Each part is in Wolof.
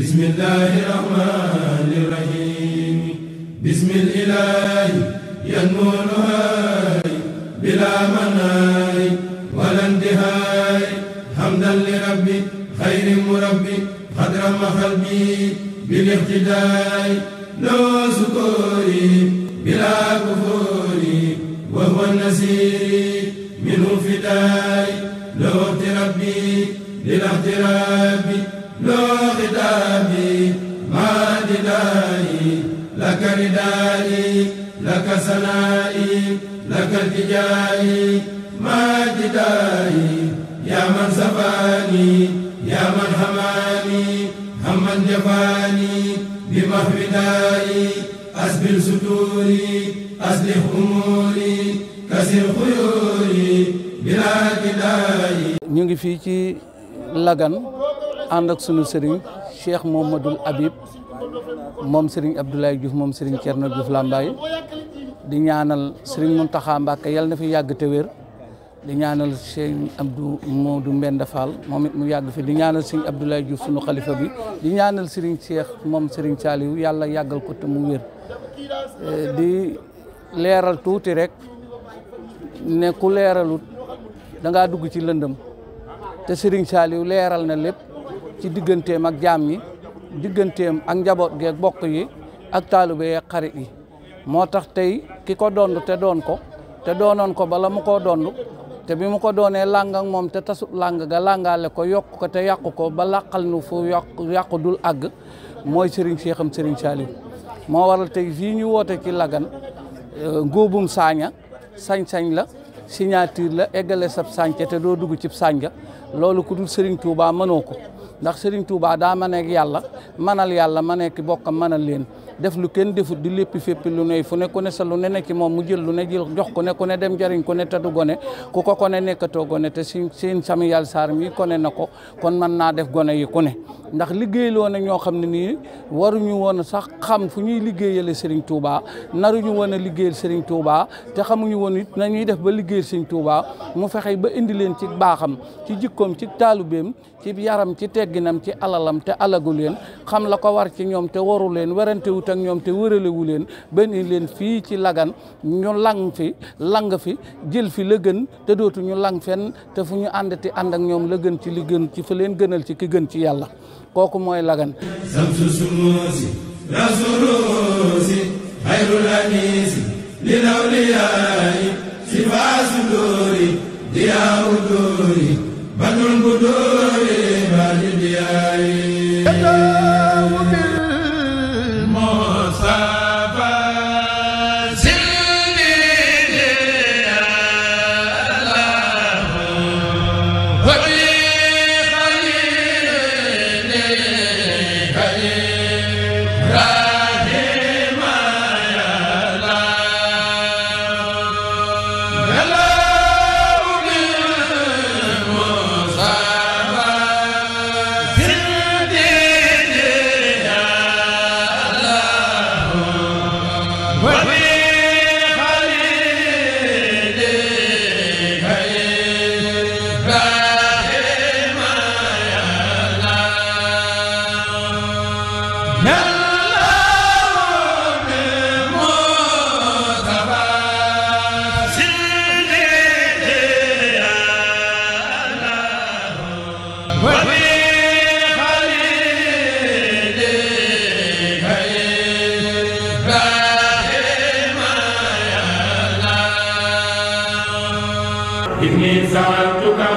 bismillaahi rahmaani rahiim bismillaahi yan moonu haay bilaa manaay walantihaay hamdan li rabbi xayri murabbi xadra maxalbi bil ixtidaay loo sukoori bilaa kufoori wa huwa nasiiri الفتاي لو اغترابي للاغتراب لو خطابي ما ندائي لك ندائي لك ثنائي لك التجائي ما جدائي يا من سباني يا من حماني هما جفاني بمحو دائي أسبل ستوري أصلح أموري كسر خيوري ñu ngi fii ci Lagan ànd ak sunu sëriñ Cheikh Momadul Habib moom sëriñ Abdoulaye Diouf moom sëriñ Thierno Diouf Lambaye di ñaanal sëriñ Mountakha Mbacké yàlla na fi yàgg te wér di ñaanal sëriñ Abdou Modou Mbenda Fall moom it mu yàgg fii di ñaanal sëriñ Abdoulaye Diouf sunu xalifa bi di ñaanal sëriñ Cheikh moom sëriñ Saliou yàlla yàggal ko te mu wér eh, di leeral tuuti rek ne ku leeralut da dugg ci lëndëm te Serigne Saliou leeral na lépp ci digganteem ak jaam ñi digganteem ak njaboot gee bokk yi ak taalibe yi ak xarit yi moo tax tey ki ko dond te doon ko te doonoon ko bala mu ko dond te bi mu ko doonee làng ak moom te tasu làng ga làngaale ko yokk ko te yàqu ko ba làqal nu fu yàqu yàqu dul àgg mooy Serigne Cheikh am Serigne Saliou moo waral tey fii ñu woote ci lagan euh, ngóobum saaña sañ-sañ la signature la eggale sab sànce te doo dugg cib sànja loolu ku dul Serigne Touba mënoo ko ndax Serigne Touba daa ma nekk yàlla manal yàlla ma nekk bokkam manal leen def lu kenn defut di lépp fépp lu ne fu ne ku ne sa lu ne nekk moom mu jël lu ne jox ko ne dem jariñ ku ne du gone ku ko kone nekkatoo gone te si seen Samuel Sarr mi kone na ko kon man naa def gone yi ku ne ndax liggéeyloo na ñoo xam ne waru ñu woon sax xam fu ñuy liggéeyale Serigne Touba naruñu woon a liggéeyal Serigne Touba te xamuñu woon it ñuy def ba liggéey Serigne Touba mu fexe ba indi leen ci baaxam ci jikkoom ci taalubeem ci yaram ci tegginam ci alalam te alagu leen wut ak ñoom te wëralewu leen ba ni leen fii ci lagan ñu lang fi lang fi jël fi la gën te dootu ñu lang fenn te fu ñu ànd te ànd ak ñoom la gën ci li gën ci fa gënal ci ki gën ci yàlla kooku mooy lagan samsu sunuusi rasuruusi xayrul anisi lil awliyaay sifaasu dóori diyaawu dóori banul bu dóori baadi diyaay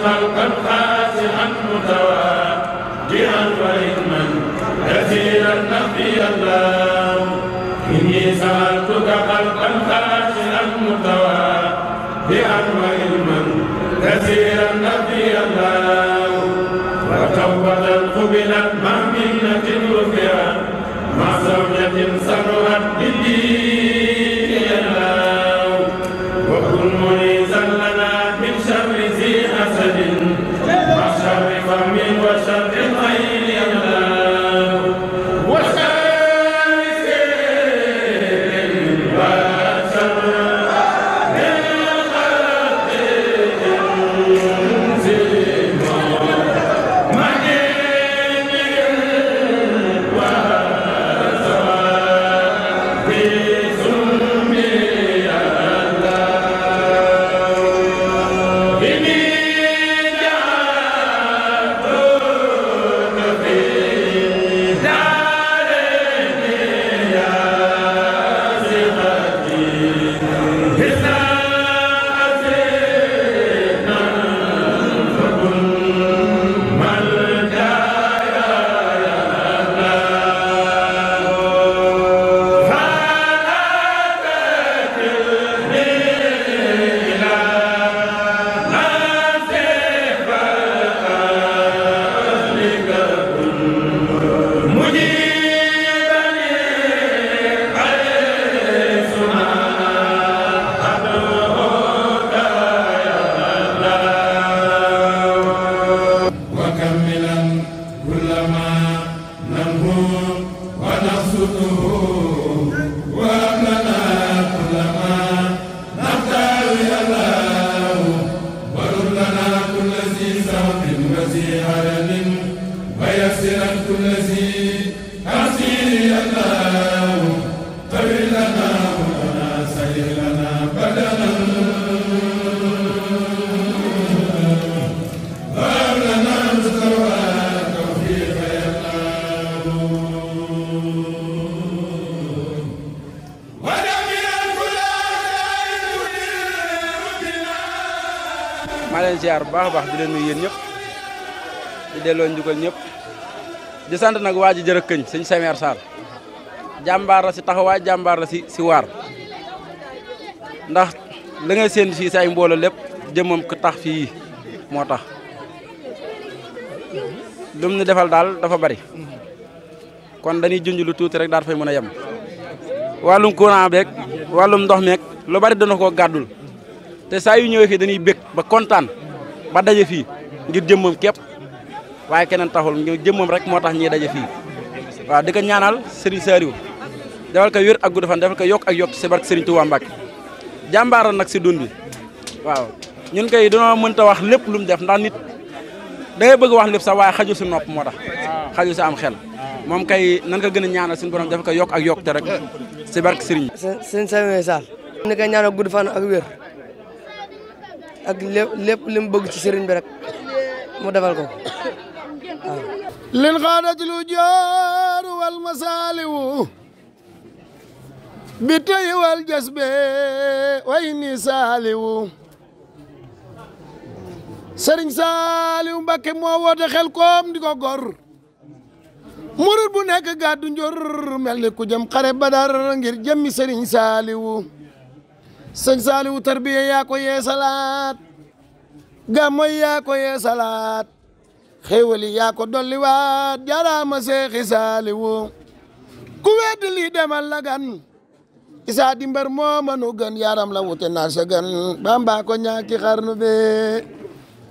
ملكا خاسعا متوادعا وإلما كثيرا نفي الله إني سألتك خلقا خاسعا متوادعا وإلما كثيرا نفي الله وتوبة قبلت من ziar bu baax a baax di leen nuyu yéen di delloo njugal ñëpp di sant nag waa ji jërë këñ sëñ Sameer Sall jàmbaar si taxawaay jàmbaar la si si waar ndax la ngay seen fii si ay mbooloo lépp jëmmam ko tax fii moo tax lu mu defal daal dafa bari kon dañuy junj lu tuuti rek daal fay mën a yem wàllum courant beeg wàllum ndox meeg lu bari dana ko gàddul te saa yu ñëwee fii dañuy ba daje fii ngir jëmmam képp waaye keneen taxul ngir jëmmam rek moo tax ñii daje fii waaw di ko ñaanal Serigne Saliou defal ko wér ak gudd fan defal ko yokk ak yokk ci barke Serigne Touba Mbacke jàmbaaroon nag si dund bi waaw ñun koy dañoo mënta wax lépp lu mu def ndax nit da bëgg wax lépp sax waaye xaju ci nopp moo tax xaju ci am xel moom kay nan ko gën a ñaanal suñu borom defal ko yokk ak yokk te rek ci barke Serigne. sëñ Saliou Sall. ñu koy ñaanal gudd ak lépp li mu bëgg ci sëriñ bi rek mu defal ko waaw lin xaadat lu jooru wal masaaliwu bi tey wal jasbe way ni saaliwu sëriñ saaliwu Mbàkke moo woote xel koom di ko gor murit bu nekk gàddu njor mel ni ku jëm xare badar ngir jëmmi sëriñ saaliwu sëñ Saaliwu tarbiya yaa ko yeesalaat gàmmoy yaa ko yeesalaat xéewali yaa ko dolliwaat jaraama seexi Saaliwu ku weddi lii demal la gan isaa di mbar moo mënu gën yaram la wute naa sa gën Bamba ko ñaaki xarnu be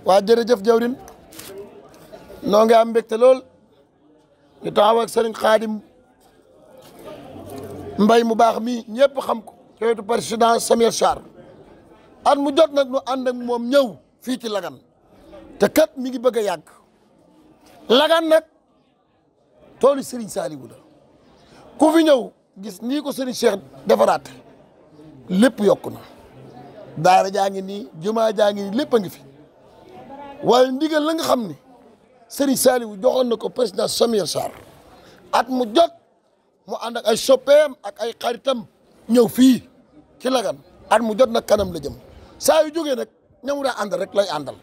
waa jërëjëf jawrin noo ngi lool ñu taxaw ak sëriñ Xaadim mu baax mi ñëpp xam ko ci wetu président Samir Sarr at mu jot nag nu ànd moom ñëw fii ci Lagane te kat mi ngi bëgg a yàgg Lagane nag toolu Serigne Saliou la ku fi ñëw gis nii ko Serigne Cheikh defaraat lépp yokku na daara jaa ngi ni jumaa jaa ngi nii lépp a ngi fi waaye ndigal la nga xam ni Serigne Saliou joxoon na ko président Samir Sarr at mu jot mu ànd ay soppeem ak ay xaritam ñëw fii ci Lagane at mu jot nag kanam la jëm saa yu jógee nag ñamu daa àndal rek lay àndal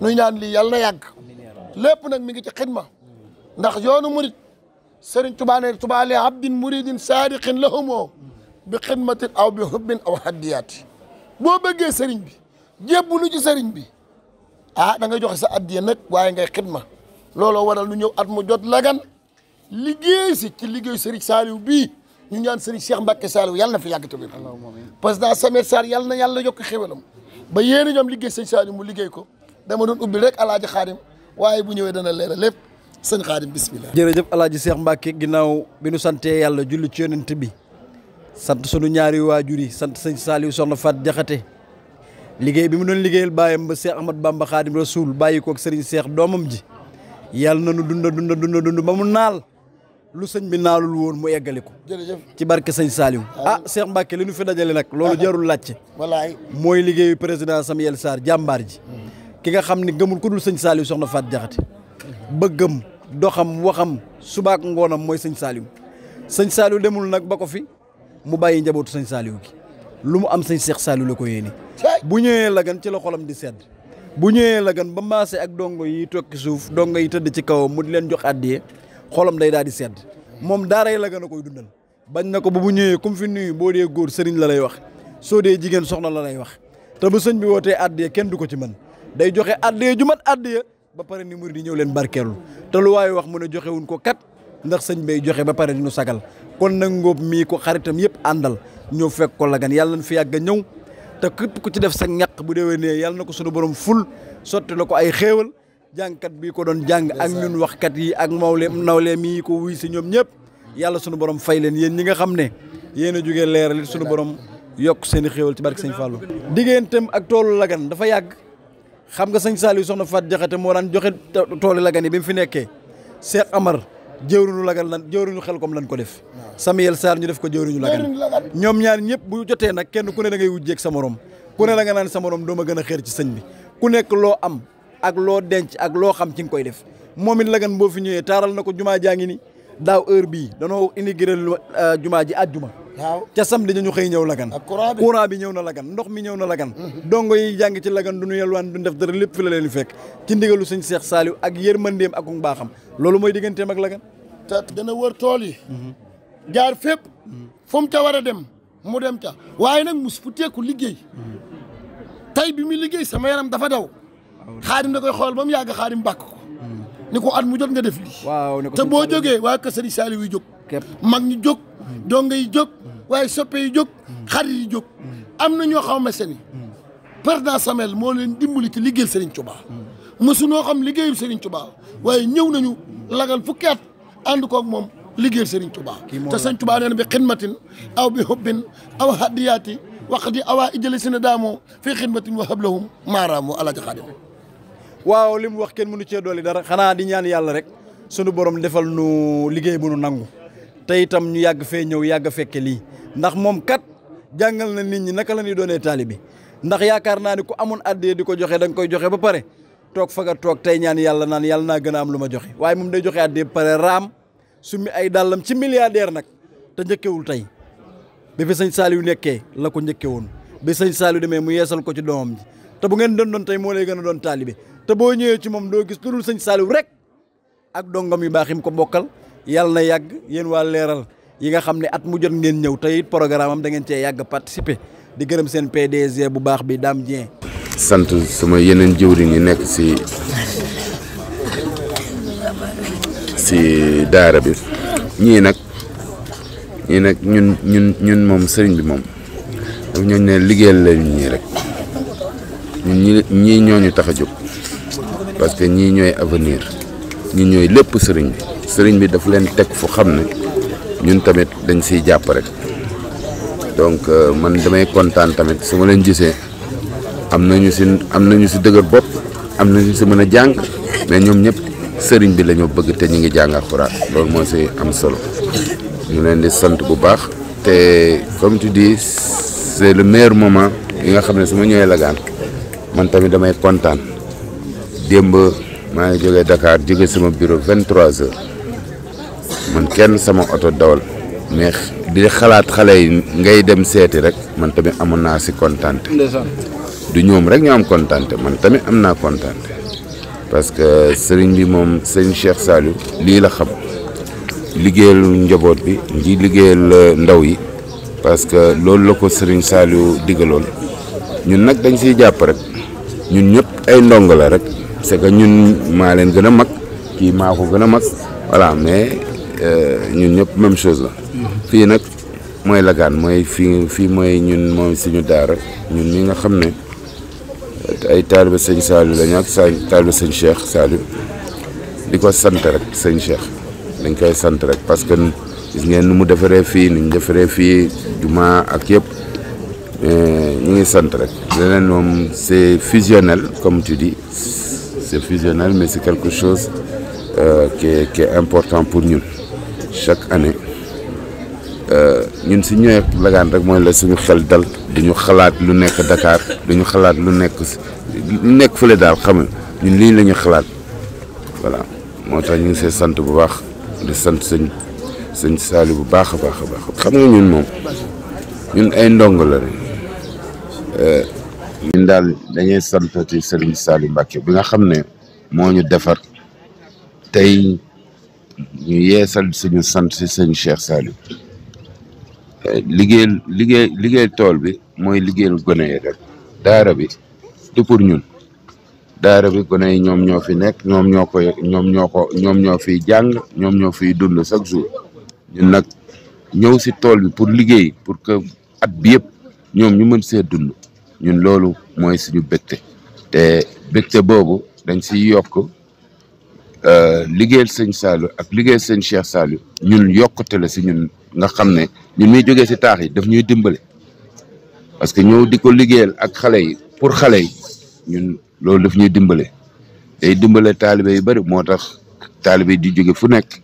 nuy ñaan lii yàlla na yàgg lépp nag mi ngi ci xidma ndax yoonu mu sëriñ Tuubaa ne Tuubaa li abdin muridin saadiqin lahumoo bi xidmatin aw bi hubbin aw haddiyaati boo bëggee sëriñ bi jébbalu ci sëriñ bi ah danga ngay joxe sa addiya nag waaye ngay xidma looloo waral nu ñëw at mu jot Lagane liggéey si ci liggéeyu sëriñ Saaliw bii ñu ñaan sëriñ Cheikh Mbacke Saliou yàlla na fi yàgg tamit président Samer Sarr yàlla na yàlla yokk xéwalam ba yéen ñoom liggéey sëñ Saliou mu liggéey ko dama doon ubbi rek alaaji xaadim waaye bu ñëwee dana leeral lépp sëñ xaadim bismillah jërëjëf alaaji Cheikh Mbacke ginnaaw bi nu santee yàlla julli ci yonent bi sant sunu ñaari waajur yi sant sëñ Saliou soxna Fat Jaxate liggéey bi mu doon liggéeyal baayam ba Cheikh Ahmad Bamba Xaadim Rasoul bàyyi ko ak sëriñ doomam ji yàlla na ba mu lu sëñ bi naalul woon mu eggali ko. jërëjëf ci barke sëñ Saliou. ah Cheikh Mbacke li ñu fi dajale nag. loolu jarul laajte. walaay mooy liggéeyu président Samuel saar jàmbaar ji. Mhm. ki nga xam ni gëmul ku dul sëñ Saliou soxna Faat Jaxate bëggam doxam waxam subaak ngoonam mooy sëñ Saliou sëñ Saliou demul nag ba ko fi mu bàyyi njabootu sëñ Saliou gi lu mu am sëñ Cheikh Saliou la ko yéene. bu ñëwee la gan ci la xolam di sedd. bu ñëwee la gan ba maase ak dongo yi tokki suuf dongo yi tëdd ci kawam mu di leen jox àddiyee xolam day daal di sedd moom daara yi la koy dundal bañ na ko ba bu ñëwee comme fi nuyu boo dee góor sëriñ la lay wax soo dee jigéen soxna la lay wax te ba sëñ bi wootee addiya kenn du ko ci mën day joxe addiya ju mat addiya ba pare ni murid yi ñëw leen barkeelu te lu waaye wax mun a joxe wuñ ko kat ndax sëñ bay joxe ba pare di nu sagal kon nag ngóob mii ko xaritam yëpp àndal ñëw fekk ko lagan yàlla na fi yàgg ñëw te képp ku ci def sa ñaq bu déwénee yàlla na ko sunu borom ful sotti ko ay xéewal jàngkat bi ko doon jàng ak ñun waxkat yi ak mawle nawleem yi ko wuy si ñoom ñëpp yàlla sunu borom fay leen yéen ñi nga xam ne yéen a jógee leeral it sunu borom yokk seen i xéewal ci barke sëñ Fallou. digganteem ak toolu Lagane dafa yàgg xam nga sëñ Saliou soxna Fat Jaxate moo daan joxe toolu Lagane yi bi mu fi nekkee Cheikh Amar jëwriñu Lagane lan xel Xelkom lan ko def. Samuel Sarr ñu def ko jëwriñu Lagane ñoom ñaar ñëpp bu jotee nag kenn ku ne da ngay wujjeeg sa morom ku ne da nga naan sa morom doo ma gën a xeer ci sëñ bi ku nekk loo am ak loo denc ak loo xam ci nga koy def moom it lagan boo fi ñëwee taaral na ko jumaa jaa ngi ni daaw heure bii danoo intégré euh, jumaa ji àjjuma waaw ca samedi ñu xëy ñëw lagan courant bi ñëw na lagan ndox mi ñëw na lagan mhm. dongo yi jàng ci lagan du ñu yelwaan du ñu def dara lépp fi la leen fekk ci ndigalu suñ Seex Saaliw ak yërmandeem ak um baaxam loolu mooy digganteem ak lagan te dana wër tool yi mhm. jaar fépp mhm. ca war a dem mu dem ca waaye nag mus fu teeku liggéey tey bi mu liggéey sama yaram dafa daw xaadim na koy xool ba mu yàgg xaadim bàkk ko hmm. ni ko at mu jot nga def lii te boo jógee waa kër Serigne Saliou yi jóg mag ñu jóg hmm. donga yi jóg hmm. waaye soppe yi jóg xarit yi jóg am na ñoo xam ne seen président Samel moo leen dimbali ci liggéeyal Serigne Touba mësunoo xam liggéeyu Serigne Touba waaye ñëw nañu lagal fukki at ànd koog moom liggéey liggéeyal Serigne Touba te Serigne Touba nee na bi xidmatin aw bi hubbin aw hadiyaati waqti awaa ijële si na daamoo fii xidmatin wa hablahum maaraamu alaaji Xaadim waaw li mu wax kenn mënu cee dolli dara xanaa di ñaan yàlla rek sunu borom defal nu liggéey bu nu nangu te itam ñu yàgg fee ñëw yàgg fekke lii ndax moom kat jàngal na nit ñi naka la ñuy doonee taalibi ndax yaakaar naa ni ku amoon addee di ko joxe da koy joxe ba pare toog fa toog tey ñaan yàlla naan yàlla naa gën a am lu ma joxe waaye moom day joxe addee ba pare raam summi ay dàllam ci milliardaire nag te njëkkewul tey bi fi sëñ Saliou nekkee la ko njëkke woon bi sëñ Saliou demee mu yeesal ko ci doomam ji te bu ngeen doon doon tey moo lay gën a doon taalibi te boo ñëwee ci moom doo gis lu dul sëñ Saliou rek ak dongam yu baax yim ko bokkal yàlla na yàgg yéen waa leeral yi nga xam ne at mu jot ngeen ñëw tey programme am da ngeen cee yàgg participer di gërëm seen PDG bu baax bi daam Dieng. sant sama yeneen jëwriñ yi nekk si si daara bi ñii nag ñii nag ñun ñun ñun moom sëriñ bi moom daf ñooñ ne liggéeyal la ñii rek ñii ñii ñooñu tax a jóg. parce que ñii ñooy avenir ñi ñooy lépp sëriñ bi sëriñ bi daf leen teg fu xam ne ñun tamit dañ siy jàpp rek donc euh, man damay kontaan tamit suma leen gisee am nañu si am nañu si dëgër bopp am na ñu si mën a jàng mais ñoom ñëpp sëriñ bi la bëgg te ñu ngi jàng alxuraan loolu moo si am solo ñu leen di sant bu baax te comme tu dis c'est le meilleur moment yi nga xam ne su ma ñëwee Lagane man tamit damay kontaan. démb maa ngi jógee Dakar jóge sama bureau vingt trois heures man kenn sama oto dawal mais di xalaat xale yi ngay dem seeti rek man tamit amoon naa si kontante du ñoom rek ñoo am kontante man tamit am naa kontante parce que sëriñ bi moom sëriñ Cheikh Saliou lii la xam liggéeyal njaboot bi di liggéeyal euh, ndaw yi parce que loolu la ko sëriñ Saliou digaloon ñun nag dañ siy jàpp rek ñun ñëpp ay ndongo la rek parce que ñun maa leen gën a mag kii maa ko gën a mag voilà mais euh, ñun ñëpp même chose la. fii nag mooy lagaan mooy fii fii mooy ñun moom suñu daara ñun ñi nga xam ne ay taaliba sëñ Saliou lañu ak sa taaliba sëñ Cheikh Saliou di ko sant rek sëñ Cheikh dañ koy sant rek parce que gis nu mu defaree fii ni defaree fii juma ak yépp ñu ngi sant rek leneen moom c'est fusionnel comme tu dis. c'est fusionnel, mais c'est quelque chose euh, qui, est, important pour nous. Chaque année, euh, ñun euh, nous sommes la Lagane, nous sommes en train de xalaat lu nekk dakaar lu ñu xalaat lu nekk lu nekk fële daal xam nga ñun lii la ñu xalaat voilà moo tax ñu ngi see sant bu baax di sant sëñ sëñ Saali bu baax a baax a baax xam nga ñun moom ñun ay ndongo la rek euh, ñun daal dañuy santati Serigne Saliou Mbacké bi nga xam ne moo ñu defar tey ñu yeesal suñu sant si sëñ Cheikh Saliou liggéeyal liggéey liggéey tool bi mooy liggéeyal gone yi rek daara bi du pour ñun daara bi gone yi ñoom ñoo fi nekk ñoom ñoo ko ñoom ñoo fiy jàng ñoom ñoo fiy dund chaque jour ñun nag ñëw si tool bi pour liggéey pour que at bi yëpp ñoom ñu mën see dund ñun loolu mooy suñu bégte te bégte boobu dañ siy yokk euh, liggéeyal sëñ Saliou ak liggéeyal sëñ Cheikh Saliou ñun yokkute si ñun nga xam ne ñun muy jógee si taax yi daf ñuy dimbale parce que ñëw di ko liggéeyal ak xale yi pour xale yi ñun loolu daf ñuy dimbale day dimbale taalibe yu bëri moo tax taalibe yi di jóge fu nekk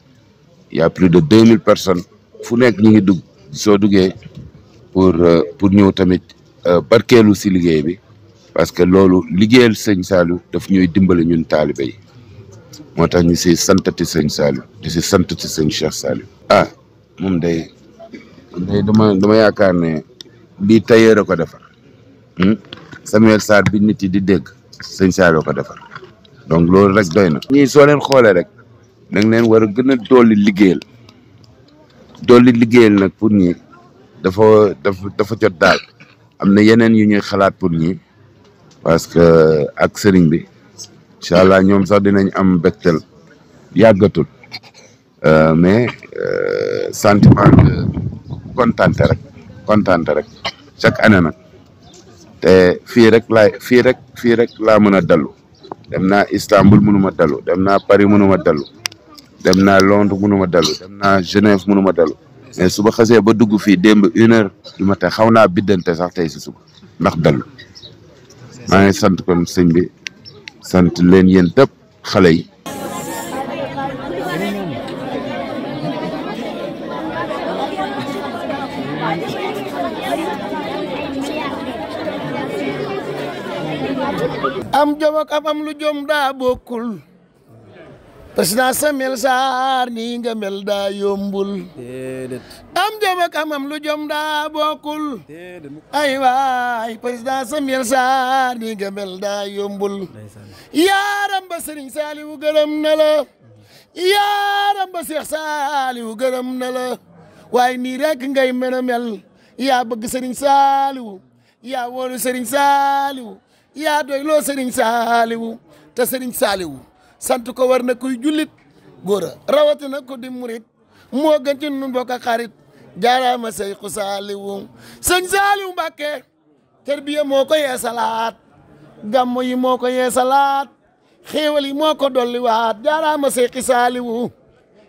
y a plus de deux mille personnes fu nekk ñu ngi dugg soo duggee pour euh, pour ñëw tamit Euh, barkeelu si liggéey bi parce que loolu liggéeyal sëñ Saliou daf ñuy dimbali ñun taalibe yi moo tax ñu si santati sëñ Saliou di si santati sëñ Cheikh Saliou ah moom day day dama dama yaakaar ne lii tailleur a ko defar hmm? Samuel Sarr bi nit yi di dégg sëñ Saliou ko defar donc loolu rek doy na ñii soo leen xoolee rek da nga leen war a gën a dolli liggéeyal dolli liggéeyal nag pour ñi dafa dafa dafa jot daal am na yeneen yu ñuy xalaat pour ñi parce que ak sëriñ bi incha allah ñoom sax dinañ am bektel yàggatul euh, mais euh, sentiment de kontante rek kontante rek chaque année nag te fii rek laay fii rek fii rek laa mën a dalu dem naa Istanbul mënuma dalu dem naa Paris mënuma dalu dem naa Londres mënuma dalu dem naa Genève mënuma dalu mais suba xasee ba dugg fii démb une heure du matin xaw naa biddante sax te si ndax dallu maa ngi sant kon sëñ sant leen yéen tëpp xale am jom ak lu jom daa bokkul président sa mel saar nii nga am jom ak lu jom daa bokkul ay waay président sa mel saar nii nga mel daa yombul yaaram ba sëriñ saaliwu gërëm na yaaram ba seex saaliwu gërëm na waaye nii rek ngay mën mel yaa bëgg sëriñ saaliwu yaa wóolu sëriñ saaliwu yaa doyloo sëriñ saaliwu te sëriñ saaliwu sant ko war na kuy jullit góor a rawatina ko di murit moo gën ci nun bokk ak xarit jaaraama Seyku Saaliwu sëñ Saaliwu Mbàkke tarbiya moo ko yeesalaat gàmmu yi moo ko yeesalaat xéewal yi moo ko dolliwaat jaaraama Seyki Saaliwu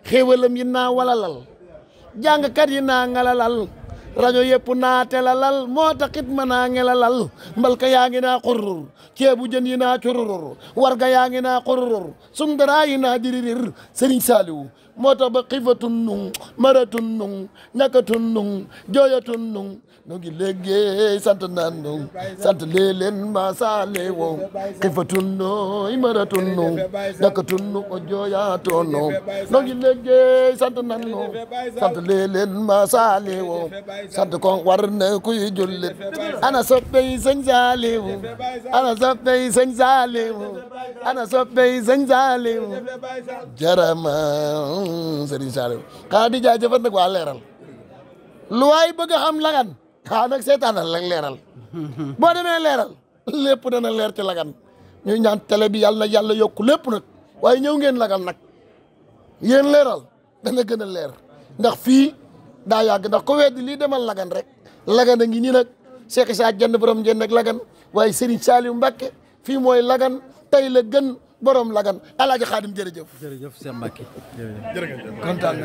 xéewalam yi naa walalal jàngkat yi naa ngalalal rajo yëpp naa telalal moo taxit ma naa ngelalal mbalka yaa ngi naa xurur ceebu jën yi naa cururur warga yaa naa xururur sundaraa naa diririr sëriñ saaliw moo tax ba xiifatun nung maratun nung ñakatun nung jooyatun nung nu ngi liggéey sant naan nu sant ma saale wo xifatun nu imaratun nu dakatun nu o jooyaatoon nu nu ngi liggéey sant naan nu sant lee leen ma saale wo sant kon war na kuy jullit ana soppey sëñ Saaliw ana soppey sëñ Saaliw ana soppey sëñ Saaliw jarama sëriñ Saaliw xanaa di leeral lu waay bëgg a xam ah nag seetaanal rek leeral boo demee leeral lépp dana leer ci lagan ñuy ñaan télé bi yàlla na yàlla yokk lépp nag waaye ñëw ngeen lagal nag yéen leeral dana gën leer ndax fii daa yàgg ndax ko weddi lii demal lagan rek lagan a ngi nii nag Cheikh Issa Diène borom Diène ak lagan waaye Serigne Saliou Mbacké fii mooy lagan tey la gën borom lagan alaaji Xaadim jërëjëf jërëjëf Cheikh Mbacké jërëjëf kontaan